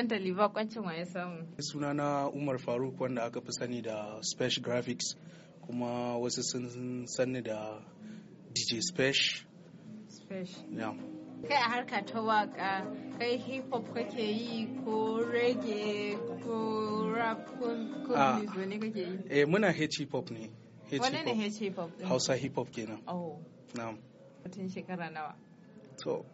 dandali bakoncin wa waye samu sunana umar faruk wanda aka fi sani da spesh graphics kuma wasu sun sani da dj spesh spesh yeah. kai a harka ta waka kai hip hop kake yi ko reggae ko rap ko ah. ne kake yi eh muna hip hop ne wani ne hip hop hausa hip hop kenan oh na'am mutum shekara nawa so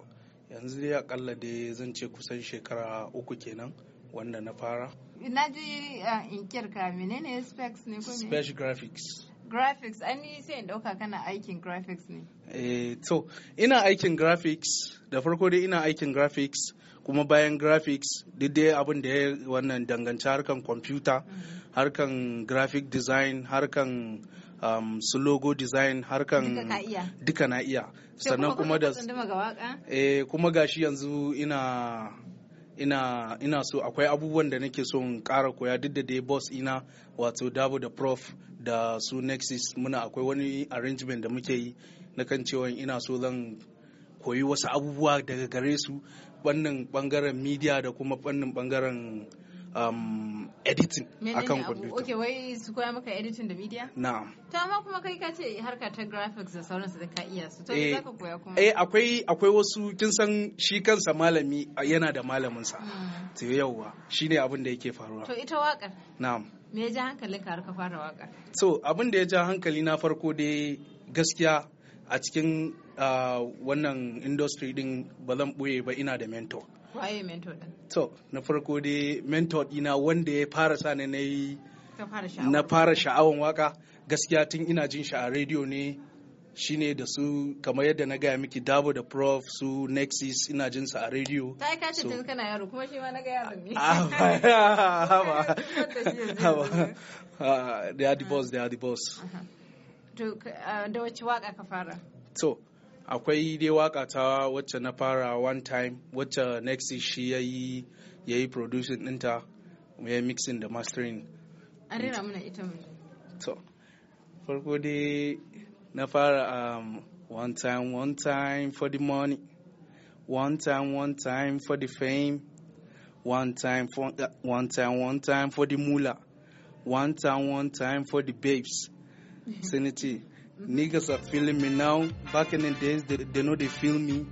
yanzu dai akalla dai zan ce kusan shekara uku kenan wanda na fara na ji eh, in kirka menene specs ne ko specs graphics graphics an yi sai in dauka kana aikin graphics ne eh to ina aikin graphics da farko dai ina aikin graphics kuma bayan graphics duk dai abin da ya wannan danganci harkan computer mm-hmm. harkan graphic design harkan um, su logo design harkan duka na iya sannan kuma da eh kuma gashi yanzu ina ina ina so akwai abubuwan da nake so in ƙara koya duk da dai boss ina wato dabo da prof da su nexus muna akwai wani arrangement da muke yi na kan cewa ina so zan koyi wasu abubuwa daga gare su bannin bangaren media da kuma bannin bangaren um, editing kan computer. Okay, wai su koya maka editing da media? Na'am. To amma kuma kai ka ce harka ta graphics da sauransu da ka iya su. To me eh, zaka koya kuma? Eh akwai akwai wasu kin san shi kansa malami yana da malaminsa. sa. Hmm. To yauwa shine abin da yake faruwa. To ita wakar? Na'am. Me ya ja hankalin ka har ka fara wakar? So abin da ya ja hankali na farko dai gaskiya a cikin wannan industry din ba zan ɓoye ba ina da mentor waye mentor din to na farko dai mentor ina wanda ya fara sa ne na yi na fara sha'awan waka gaskiya tun ina jin shi a rediyo ne shine da su kamar yadda na gaya miki dabo da prof su nexus ina jin su a rediyo ta yi ce tun kana yaro kuma shi ma na gaya ne ah, haba ah, they are the boss they are the boss uh-huh. to uh, da wacce waka ka fara so akwai dai waka ta wacce na fara one time wacce next shi ya yi ya yi producing dinta ya mixing da mastering a rera mana ita to farko dai na fara um, one time one time for the money one time one time for the fame one time for, uh, one time one time for the mula one time one time for the babes mm-hmm. sanity Niggas are feeling me now. Back in the days, they, they know they feel me.